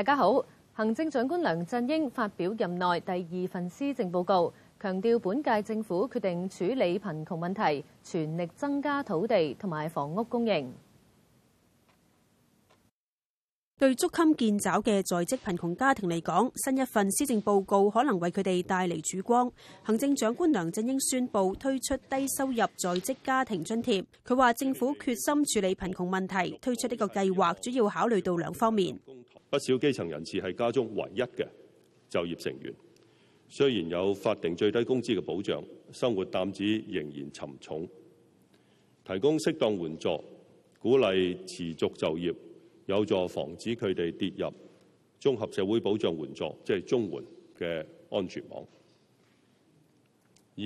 大家好，行政長官梁振英發表任內第二份施政報告，強調本屆政府決定處理貧窮問題，全力增加土地同埋房屋供應。對捉襟見肘嘅在職貧窮家庭嚟講，新一份施政報告可能為佢哋帶嚟曙光。行政長官梁振英宣布推出低收入在職家庭津貼。佢話：政府決心處理貧窮問題，推出呢個計劃，主要考慮到兩方面。不少基層人士係家中唯一嘅就業成員，雖然有法定最低工資嘅保障，生活擔子仍然沉重。提供適當援助，鼓勵持續就業。有助防止佢哋跌入綜合社會保障援助，即係綜援嘅安全網。二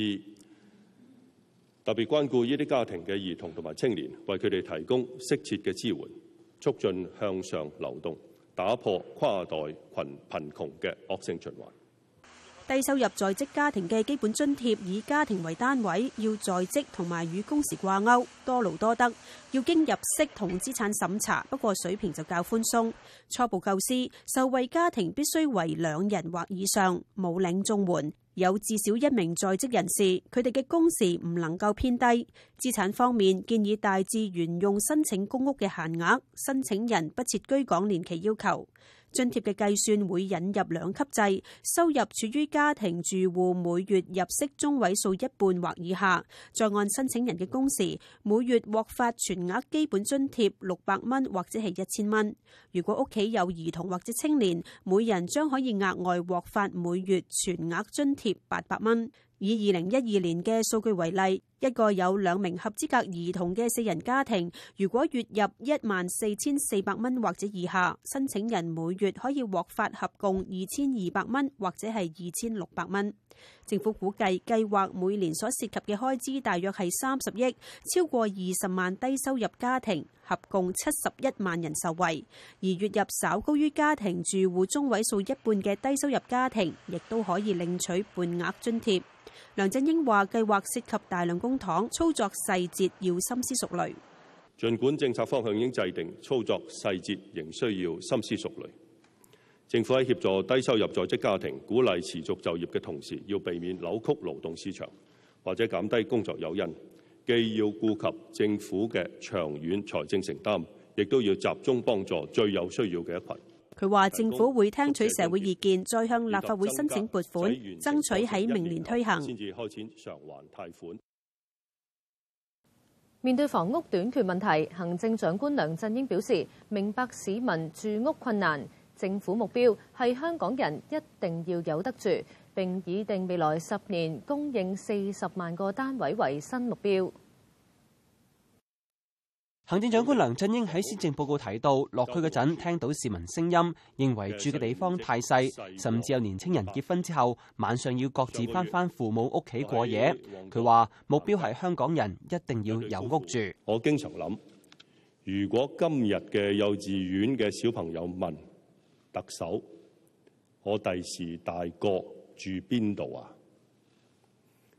特別關顧呢啲家庭嘅兒童同埋青年，為佢哋提供適切嘅支援，促進向上流動，打破跨代羣貧窮嘅惡性循環。低收入在職家庭嘅基本津貼以家庭為單位，要在職同埋與工時掛鈎，多勞多得。要經入息同資產審查，不過水平就較寬鬆。初步構思，受惠家庭必須為兩人或以上，冇領綜援，有至少一名在職人士，佢哋嘅工時唔能夠偏低。資產方面建議大致沿用申請公屋嘅限額，申請人不設居港年期要求。津貼嘅計算會引入兩級制，收入處於家庭住戶每月入息中位數一半或以下，再按申請人嘅工時，每月獲發全額基本津貼六百蚊或者係一千蚊。如果屋企有兒童或者青年，每人將可以額外獲發每月全額津貼八百蚊。以二零一二年嘅數據為例。一個有兩名合資格兒童嘅四人家庭，如果月入一萬四千四百蚊或者以下，申請人每月可以獲發合共二千二百蚊或者係二千六百蚊。政府估計計劃每年所涉及嘅開支大約係三十億，超過二十萬低收入家庭，合共七十一萬人受惠。而月入稍高於家庭住戶中位數一半嘅低收入家庭，亦都可以領取半額津貼。梁振英話：計劃涉及大量公操作細節要深思熟慮，儘管政策方向已經制定，操作細節仍需要深思熟慮。政府喺協助低收入在職家庭、鼓勵持續就業嘅同時，要避免扭曲勞動市場或者減低工作誘因，既要顧及政府嘅長遠財政承擔，亦都要集中幫助最有需要嘅一群。佢話：政府會聽取社會意見，再向立法會申請撥款，爭取喺明年推行。先至開始償還貸款。面對房屋短缺問題，行政長官梁振英表示，明白市民住屋困難，政府目標係香港人一定要有得住，並擬定未來十年供應四十萬個單位為新目標。行政長官梁振英喺施政報告提到，落區嗰陣聽到市民聲音，認為住嘅地方太細，甚至有年青人結婚之後晚上要各自返返父母屋企過夜。佢話目標係香港人一定要有屋住。我經常諗，如果今日嘅幼稚園嘅小朋友問特首：我第時大個住邊度啊？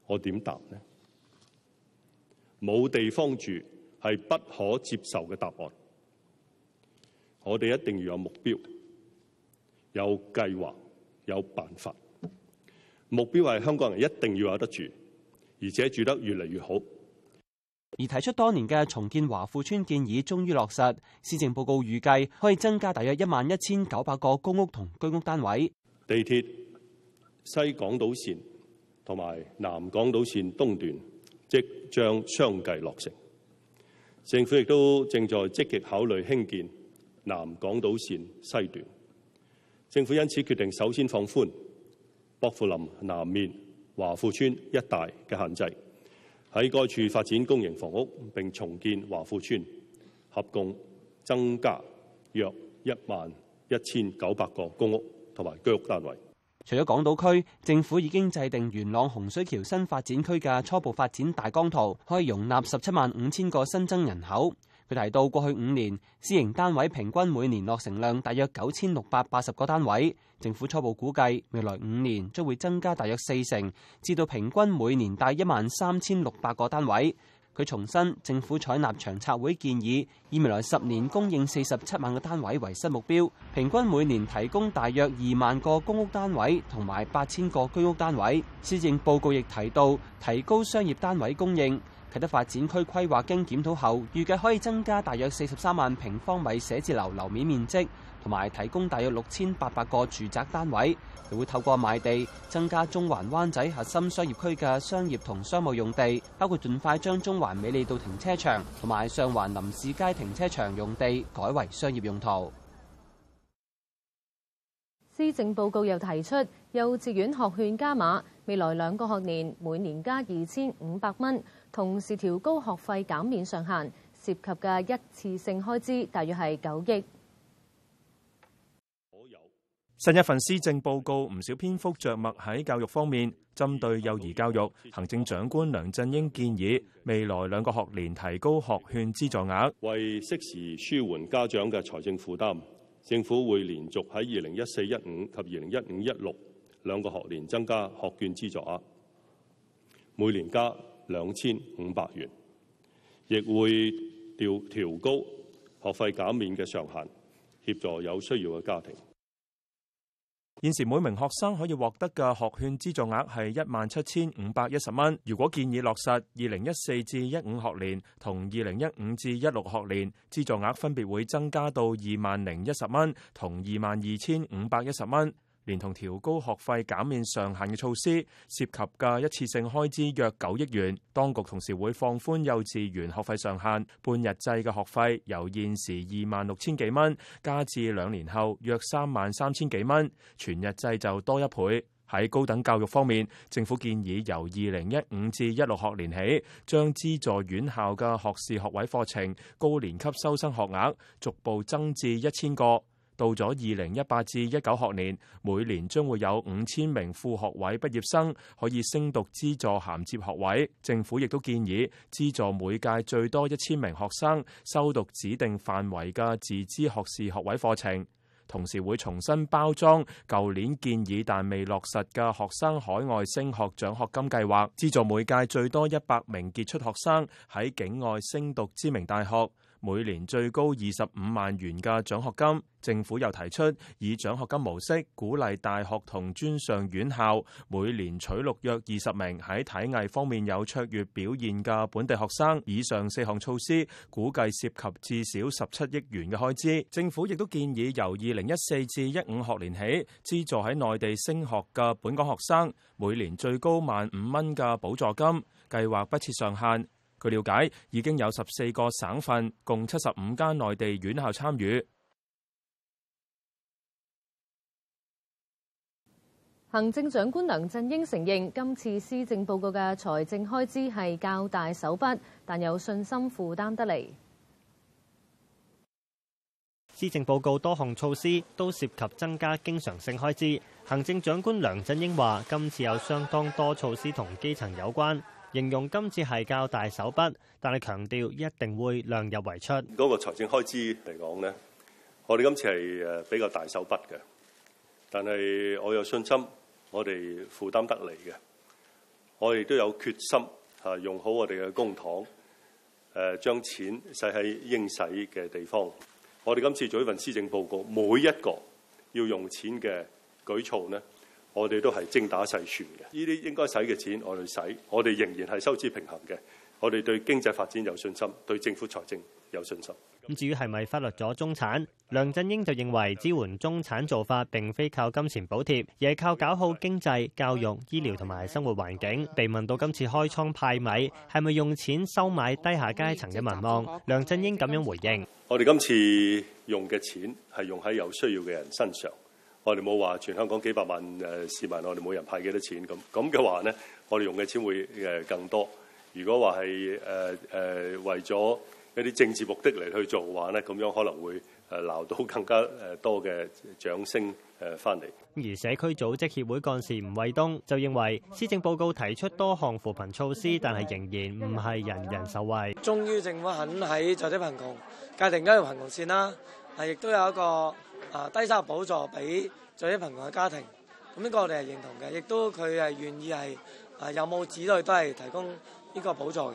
我點答呢？冇地方住。係不可接受嘅答案。我哋一定要有目標、有計劃、有辦法。目標係香港人一定要有得住，而且住得越嚟越好。而提出多年嘅重建華富村建議，終於落實。施政報告預計可以增加大約一萬一千九百個公屋同居屋單位。地鐵西港島線同埋南港島線東段即將相繼落成。政府亦都正在積極考慮興建南港島線西段。政府因此決定首先放寬薄扶林南面華富邨一帶嘅限制，喺該處發展公營房屋並重建華富邨，合共增加約一萬一千九百個公屋同埋居屋單位。除咗港島區，政府已經制定元朗洪水橋新發展區嘅初步發展大綱圖，可以容納十七萬五千個新增人口。佢提到，過去五年，私營單位平均每年落成量大約九千六百八十個單位。政府初步估計，未來五年將會增加大約四成，至到平均每年達一萬三千六百個單位。佢重申，政府採納長策會建議，以未來十年供應四十七萬個單位為新目標，平均每年提供大約二萬個公屋單位同埋八千個居屋單位。施政報告亦提到提高商業單位供應。啟德發展區規劃經檢討後，預計可以增加大約四十三萬平方米寫字樓樓面面積，同埋提供大約六千八百個住宅單位。又會透過賣地增加中環灣仔核心商業區嘅商業同商務用地，包括盡快將中環美利道停車場同埋上環林士街停車場用地改為商業用途。施政報告又提出，幼稚園學券加碼，未來兩個學年每年加二千五百蚊。同時調高學費減免上限，涉及嘅一次性開支大約係九億。新一份施政報告唔少篇幅着墨喺教育方面，針對幼兒教育，行政長官梁振英建議未來兩個學年提高學券資助額，為適時舒緩家長嘅財政負擔，政府會連續喺二零一四一五及二零一五一六兩個學年增加學券資助額，每年加兩千五百元，亦會調調高學費減免嘅上限，協助有需要嘅家庭。現時每名學生可以獲得嘅學券資助額係一萬七千五百一十蚊。如果建議落實，二零一四至一五學年同二零一五至一六學年資助額分別會增加到二萬零一十蚊同二萬二千五百一十蚊。連同調高學費減免上限嘅措施，涉及嘅一次性開支約九億元。當局同時會放寬幼稚園學費上限，半日制嘅學費由現時二萬六千幾蚊，加至兩年後約三萬三千幾蚊，全日制就多一倍。喺高等教育方面，政府建議由二零一五至一六學年起，將資助院校嘅學士學位課程高年級收生學額逐步增至一千個。到咗二零一八至一九學年，每年將會有五千名副學位畢業生可以升讀資助銜接學位。政府亦都建議資助每屆最多一千名學生修讀指定範圍嘅自資學士學位課程，同時會重新包裝舊年建議但未落實嘅學生海外升學獎學金計劃，資助每屆最多一百名傑出學生喺境外升讀知名大學。每年最高二十五萬元嘅獎學金，政府又提出以獎學金模式鼓勵大學同專上院校每年取錄約二十名喺體藝方面有卓越表現嘅本地學生。以上四項措施估計涉及至少十七億元嘅開支。政府亦都建議由二零一四至一五學年起資助喺內地升學嘅本港學生，每年最高萬五蚊嘅補助金，計劃不設上限。據了解，已經有十四個省份，共七十五間內地院校參與。行政長官梁振英承認，今次施政報告嘅財政開支係較大手筆，但有信心負擔得嚟。施政報告多項措施都涉及增加經常性開支。行政長官梁振英話，今次有相當多措施同基層有關。形容今次係較大手筆，但係強調一定會量入為出。嗰個財政開支嚟講咧，我哋今次係誒比較大手筆嘅，但係我有信心，我哋負擔得嚟嘅。我哋都有決心嚇用好我哋嘅公帑，誒將錢使喺應使嘅地方。我哋今次做一份施政報告，每一個要用錢嘅舉措呢。我哋都係精打細算嘅，呢啲應該使嘅錢我哋使，我哋仍然係收支平衡嘅，我哋對經濟發展有信心，對政府財政有信心。咁至於係咪忽略咗中產？梁振英就認為支援中產做法並非靠金錢補貼，而係靠搞好經濟、教育、醫療同埋生活環境。被問到今次開倉派米係咪用錢收買低下階層嘅民望，梁振英咁樣回應：我哋今次用嘅錢係用喺有需要嘅人身上。我哋冇話全香港幾百萬誒市民，我哋每人派幾多錢咁咁嘅話咧，我哋用嘅錢會誒更多。如果話係誒誒為咗一啲政治目的嚟去做嘅話咧，咁樣可能會誒鬧到更加誒多嘅掌聲誒翻嚟。而社區組織協會幹事吳衛東就認為，施政報告提出多項扶貧措施，但係仍然唔係人人受惠。終於政府肯喺在啲貧窮界定一咗貧窮線啦，係亦都有一個。啊，低收入補助俾最貧窮嘅家庭，咁呢個我哋係認同嘅，亦都佢係願意係啊，有冇子女都係提供呢個補助嘅。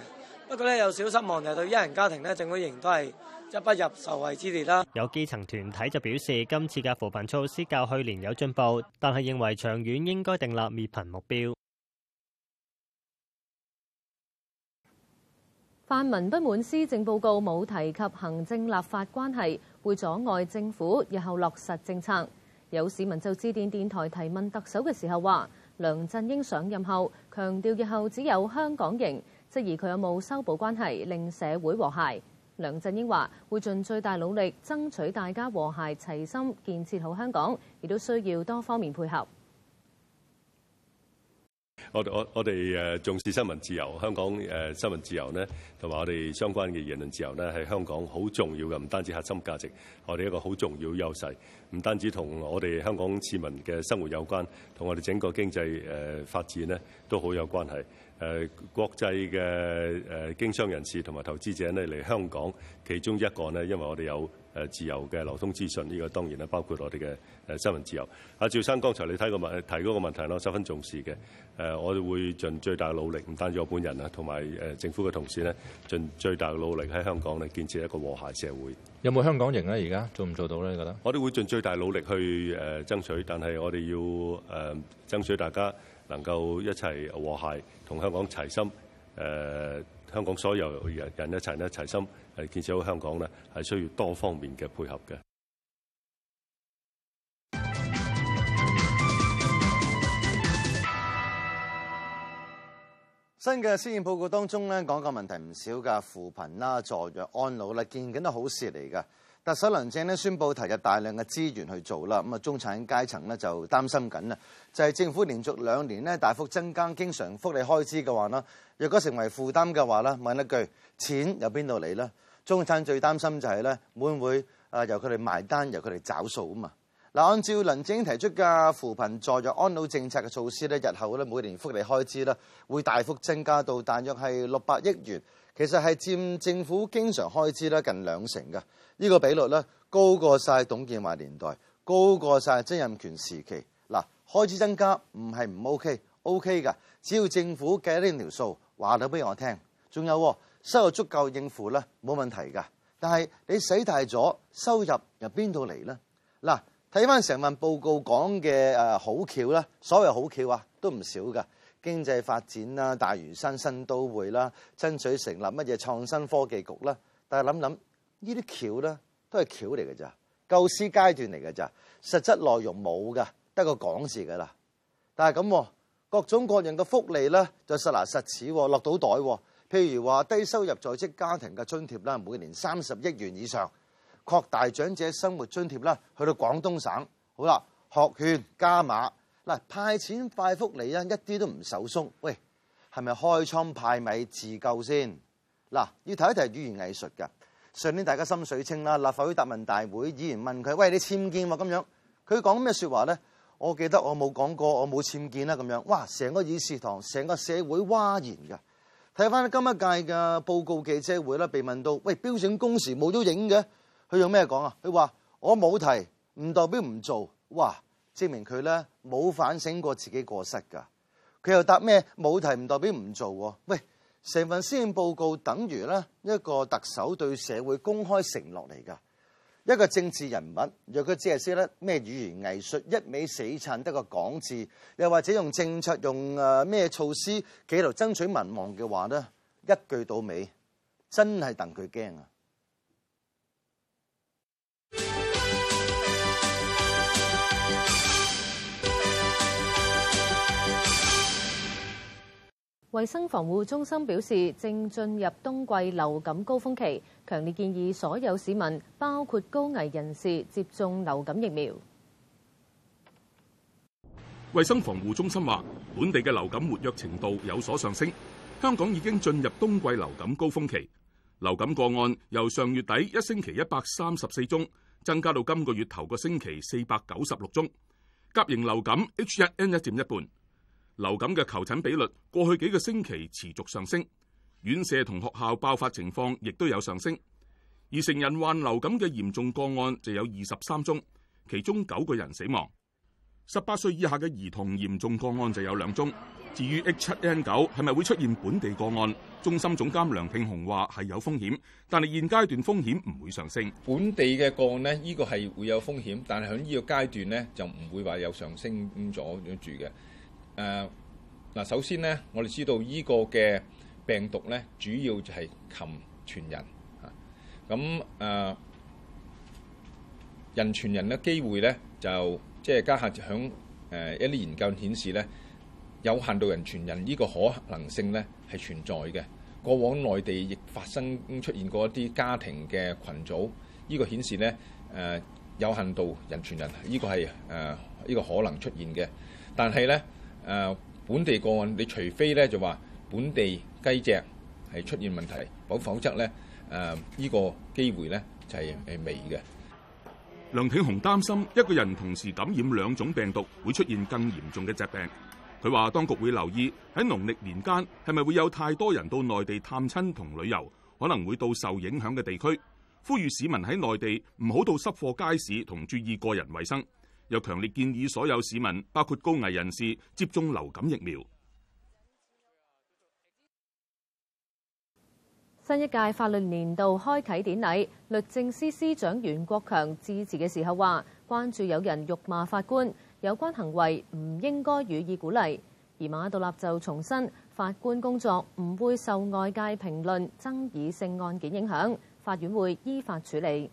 不過咧，有少失望就係對一人家庭咧，政府仍都係一係不入受惠之列啦，啊。有基層團體就表示，今次嘅扶貧措施較去年有進步，但係認為長遠應該訂立滅貧目標。泛民不滿施政報告冇提及行政立法關係。會阻礙政府日後落實政策。有市民就致電電台提問特首嘅時候話：梁振英上任後強調日後只有香港型，質疑佢有冇修補關係令社會和諧。梁振英話：會盡最大努力爭取大家和諧齊心建設好香港，亦都需要多方面配合。我我我哋誒重視新聞自由，香港誒、呃、新聞自由咧，同埋我哋相關嘅言論自由咧，係香港好重要嘅，唔單止核心價值，我哋一個好重要的優勢。唔單止同我哋香港市民嘅生活有關，同我哋整個經濟誒、呃、發展咧，都好有關係。誒、呃、國際嘅誒、呃、經商人士同埋投資者咧嚟香港，其中一個咧，因為我哋有。誒自由嘅流通資訊，呢、這個當然啦，包括我哋嘅誒新聞自由。阿、啊、趙生剛才你睇過問提嗰個問題，我十分重視嘅。誒、呃，我哋會盡最大努力，唔單止我本人啊，同埋誒政府嘅同事咧，盡最大嘅努力喺香港咧建設一個和諧社會。有冇香港型咧？而家做唔做到咧？你覺得？我哋會盡最大努力去誒、呃、爭取，但係我哋要誒、呃、爭取大家能夠一齊和諧，同香港齊心誒。呃香港所有人人一齊咧，齊，齊心係建設好香港咧，係需要多方面嘅配合嘅。新嘅施政報告當中咧，講緊問題唔少㗎，扶貧啦、助弱、安老啦，件件都好事嚟㗎。特首林鄭咧宣布投入大量嘅資源去做啦，咁啊中產階層咧就擔心緊啦，就係政府連續兩年咧大幅增加經常福利開支嘅話啦，若果成為負擔嘅話咧，問一句錢由邊度嚟呢？中產最擔心就係咧會唔會啊由佢哋埋單，由佢哋找數啊嘛。嗱，按照林鄭提出嘅扶貧助弱、安老政策嘅措施咧，日後咧每年福利開支咧會大幅增加到大約係六百億元。其實係佔政府經常開支咧近兩成嘅，呢個比率咧高過晒董建華年代，高過晒曾蔭權時期。嗱，開支增加唔係唔 OK，OK 嘅。只要政府計呢條數，話到俾我聽。仲有收入足夠應付咧，冇問題㗎。但係你使大咗，收入由邊度嚟咧？嗱，睇翻成份報告講嘅誒好橋啦，所謂好橋啊，都唔少㗎。經濟發展啦，大嶼山新都會啦，爭取成立乜嘢創新科技局啦，但係諗諗呢啲橋啦，都係橋嚟嘅咋，構思階段嚟嘅咋，實質內容冇嘅，得個講字嘅啦。但係咁各種各樣嘅福利咧，就塞拿實齒落到袋。譬如話低收入在職家庭嘅津貼啦，每年三十億元以上，擴大長者生活津貼啦，去到廣東省，好啦，學券加碼。嗱，派錢快福利啊，一啲都唔手鬆。喂，係咪開倉派米自救先？嗱，要提一提語言藝術噶。上年大家心水清啦，立法會答問大會，議員問佢，喂，你簽件喎咁樣，佢講咩說話咧？我記得我冇講過，我冇簽件啦咁樣。哇，成個議事堂，成個社會譁然㗎，睇翻今一屆嘅報告記者會啦，被問到，喂，標準工時冇咗影嘅，佢用咩講啊？佢話我冇提，唔代表唔做。哇！證明佢咧冇反省過自己過失㗎，佢又答咩冇提唔代表唔做喎。喂，成份施政報告等於咧一個特首對社會公開承諾嚟㗎，一個政治人物若佢只係識得咩語言藝術，一味死撐得個講字，又或者用政策用誒、啊、咩措施企圖爭取民望嘅話咧，一句到尾真係戥佢驚啊！衛生防護中心表示，正進入冬季流感高峰期，強烈建議所有市民，包括高危人士，接種流感疫苗。衛生防護中心話，本地嘅流感活躍程度有所上升，香港已經進入冬季流感高峰期。流感個案由上月底一星期一百三十四宗，增加到今個月頭個星期四百九十六宗。甲型流感 H 一 N 一佔一半。流感嘅求診比率過去幾個星期持續上升，院舍同學校爆發情況亦都有上升。而成人患流感嘅嚴重個案就有二十三宗，其中九個人死亡。十八歲以下嘅兒童嚴重個案就有兩宗。至於 H 七 N 九係咪會出現本地個案？中心總監梁慶雄話係有風險，但係現階段風險唔會上升。本地嘅個案呢，呢、呢個係會有風險，但係喺呢個階段呢，就唔會話有上升咗咁樣住嘅。誒嗱、呃，首先呢，我哋知道呢個嘅病毒呢，主要就係禽傳人嚇。咁、啊、誒人傳人嘅機會呢，就即係家下響誒一啲研究顯示呢，有限度人傳人呢個可能性呢係存在嘅。過往內地亦發生出現過一啲家庭嘅群組，呢、這個顯示呢，誒、呃、有限度人傳人呢個係誒呢個可能出現嘅，但係呢。誒、呃、本地個案，你除非咧就話本地雞隻係出現問題，否否則咧誒呢個機會咧就係、是、係微嘅。梁挺雄擔心一個人同時感染兩種病毒，會出現更嚴重嘅疾病。佢話當局會留意喺農曆年間係咪會有太多人到內地探親同旅遊，可能會到受影響嘅地區，呼籲市民喺內地唔好到濕貨街市同注意個人衞生。又強烈建議所有市民，包括高危人士，接種流感疫苗。新一屆法律年度開啟典禮，律政司司長袁國強致辭嘅時候話，關注有人辱罵法官，有關行為唔應該予以鼓勵。而馬道立就重申，法官工作唔會受外界評論爭議性案件影響，法院會依法處理。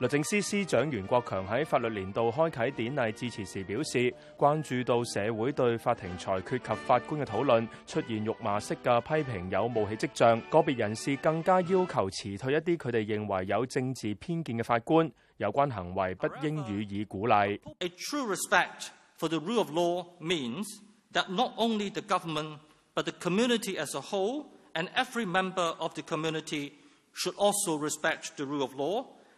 律政司司長袁國強喺法律年度開啓典禮致辭時表示，關注到社會對法庭裁決及法官嘅討論出現辱罵式嘅批評，有冒起跡象。個別人士更加要求辭退一啲佢哋認為有政治偏見嘅法官，有關行為不應予以鼓勵。A true respect for the rule of law means that not only the government, but the community as a whole, and every member of the community should also respect the rule of law.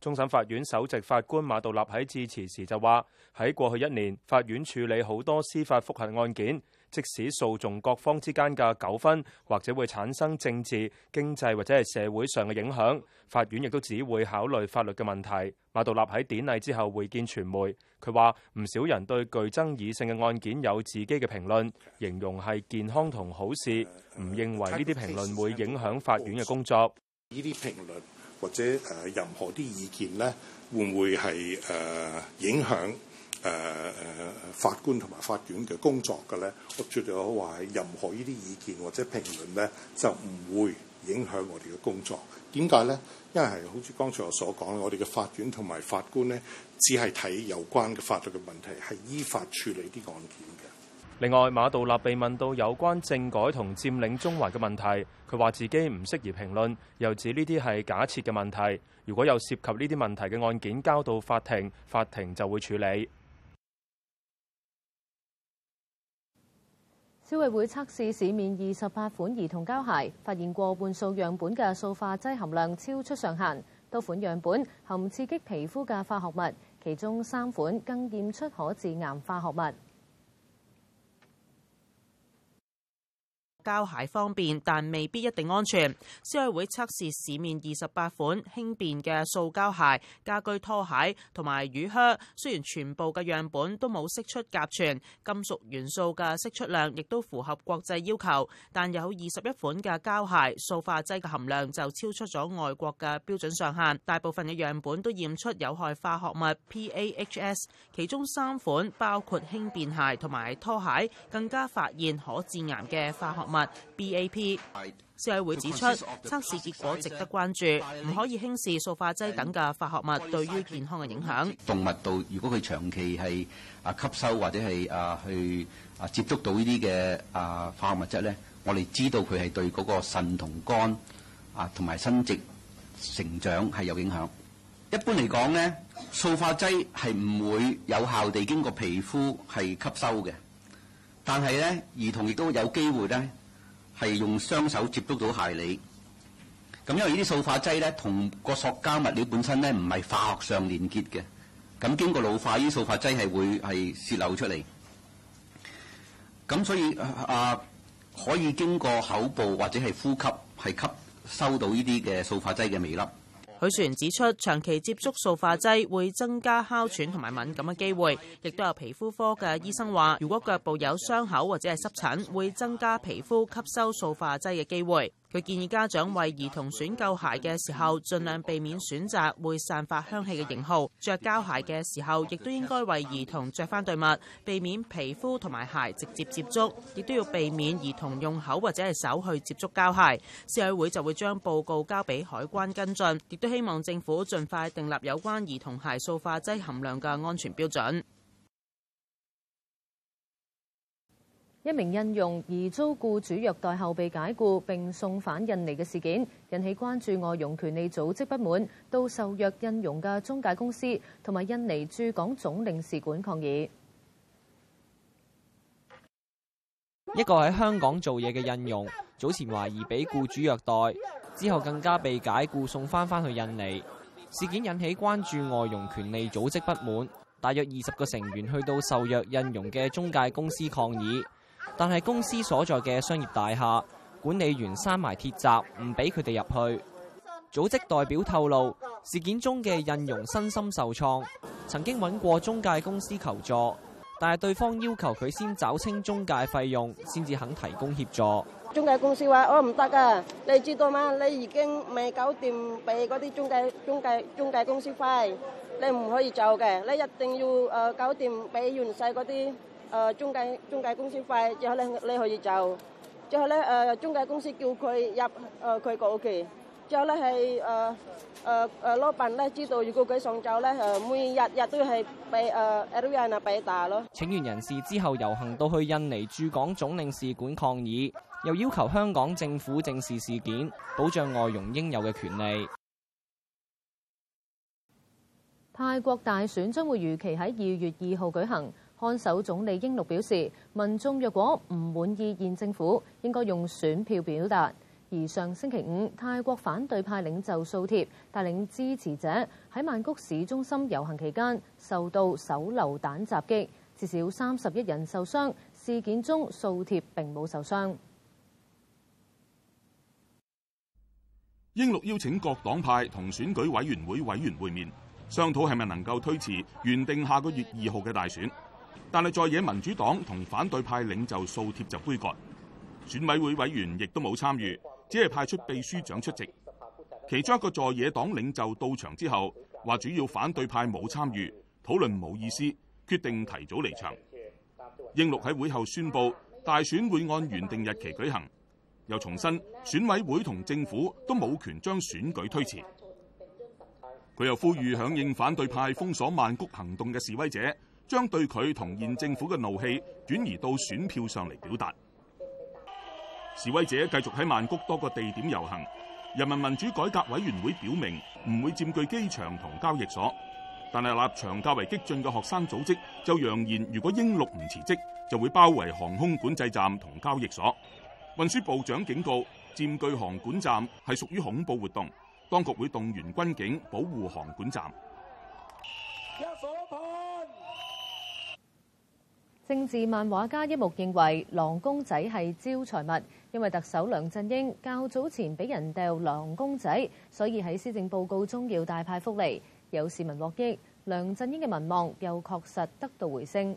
終審法院首席法官馬道立喺致辭時就話：喺過去一年，法院處理好多司法覆核案件，即使訴訟各方之間嘅糾紛或者會產生政治、經濟或者係社會上嘅影響，法院亦都只會考慮法律嘅問題。馬道立喺典禮之後會見傳媒，佢話唔少人對具爭議性嘅案件有自己嘅評論，形容係健康同好事，唔認為呢啲評論會影響法院嘅工作。呢啲評論。或者誒任何啲意見咧，會唔會係誒、呃、影響誒、呃、法官同埋法院嘅工作嘅咧？我絕對可以話係任何呢啲意見或者評論咧，就唔會影響我哋嘅工作。點解咧？因為係好似剛才我所講，我哋嘅法院同埋法官咧，只係睇有關嘅法律嘅問題，係依法處理啲案件嘅。另外，馬道立被問到有關政改同佔領中環嘅問題，佢話自己唔適宜評論，又指呢啲係假設嘅問題。如果有涉及呢啲問題嘅案件交到法庭，法庭就會處理。消委會測試市面二十八款兒童膠鞋，發現過半數樣本嘅塑化劑含量超出上限，多款樣本含刺激皮膚嘅化學物，其中三款更驗出可致癌化學物。膠鞋方便，但未必一定安全。消委會測試市面二十八款輕便嘅塑膠鞋、家居拖鞋同埋雨靴，雖然全部嘅樣本都冇釋出甲醛，金屬元素嘅釋出量亦都符合國際要求，但有二十一款嘅膠鞋塑化劑嘅含量就超出咗外國嘅標準上限。大部分嘅樣本都驗出有害化學物 PAHs，其中三款包括輕便鞋同埋拖鞋，更加發現可致癌嘅化學物。BAP，消委會指出測試結果值得關注，唔可以輕視塑化劑等嘅化學物對於健康嘅影響。動物到，如果佢長期係啊吸收或者係啊去啊接觸到呢啲嘅啊化學物質咧，我哋知道佢係對嗰個腎同肝啊同埋生殖成長係有影響。一般嚟講咧，塑化劑係唔會有效地經過皮膚係吸收嘅，但係咧兒童亦都有機會咧。係用雙手接觸到鞋你，咁因為呢啲塑化劑咧，同個塑膠物料本身咧唔係化學上連結嘅，咁經過老化，呢啲塑化劑係會係洩漏出嚟，咁所以啊，啊，可以經過口部或者係呼吸係吸收到呢啲嘅塑化劑嘅微粒。許船指出，長期接觸塑化劑會增加哮喘同埋敏感嘅機會，亦都有皮膚科嘅醫生話，如果腳部有傷口或者係濕疹，會增加皮膚吸收塑化劑嘅機會。佢建議家長為兒童選購鞋嘅時候，盡量避免選擇會散發香氣嘅型號。着膠鞋嘅時候，亦都應該為兒童着翻對襪，避免皮膚同埋鞋直接接觸，亦都要避免兒童用口或者係手去接觸膠鞋。消委會就會將報告交俾海關跟進，亦都希望政府盡快訂立有關兒童鞋塑化劑含量嘅安全標準。一名印傭疑遭雇主虐待後被解雇，並送返印尼嘅事件引起關注，外傭權利組織不滿，到受虐印傭嘅中介公司同埋印尼駐港總領事館抗議。一個喺香港做嘢嘅印傭，早前懷疑俾雇主虐待，之後更加被解雇，送翻翻去印尼。事件引起關注，外傭權利組織不滿，大約二十個成員去到受虐印傭嘅中介公司抗議。但係公司所在嘅商業大廈管理員閂埋鐵閘，唔俾佢哋入去。組織代表透露，事件中嘅印傭身心受創，曾經揾過中介公司求助，但係對方要求佢先找清中介費用，先至肯提供協助。中介公司話：我唔得㗎，你知道嗎？你已經未搞掂俾嗰啲中介、中介、中介公司費，你唔可以走嘅，你一定要誒搞掂俾原細嗰啲。誒中介中介公司費，之後咧你可以走，之後咧誒中介公司叫佢入誒佢個屋企，之後咧係誒誒誒老闆咧知道，如果佢送走咧，每日日都係俾誒 Lion 啊俾打咯。請願人士之後遊行到去印尼駐港總領事館抗議，又要求香港政府正視事，事件，保障外傭應有嘅權利。泰國大選將會如期喺二月二號舉行。看守總理英祿表示，民眾若果唔滿意現政府，應該用選票表達。而上星期五，泰國反對派領袖素貼帶領支持者喺曼谷市中心遊行期間受到手榴彈襲擊，至少三十一人受傷。事件中，素貼並冇受傷。英祿邀請各黨派同選舉委員會委員會面，商討係咪能夠推遲原定下個月二號嘅大選。但係在野民主黨同反對派領袖掃貼就杯葛，選委會委員亦都冇參與，只係派出秘書長出席。其中一個在野黨領袖到場之後，話主要反對派冇參與討論，冇意思，決定提早離場。英祿喺會後宣布，大選會按原定日期舉行，又重申選委會同政府都冇權將選舉推遲。佢又呼籲響應反對派封鎖曼谷行動嘅示威者。將對佢同現政府嘅怒氣轉移到選票上嚟表達。示威者繼續喺曼谷多個地點遊行。人民民主改革委員會表明唔會佔據機場同交易所，但係立場較為激進嘅學生組織就揚言，如果英祿唔辭職，就會包圍航空管制站同交易所。運輸部長警告，佔據航管站係屬於恐怖活動，當局會動員軍警保護航管站。政治漫畫家一目認為狼公仔係招財物，因為特首梁振英較早前俾人掉狼公仔，所以喺施政報告中要大派福利，有市民獲益，梁振英嘅民望又確實得到回升。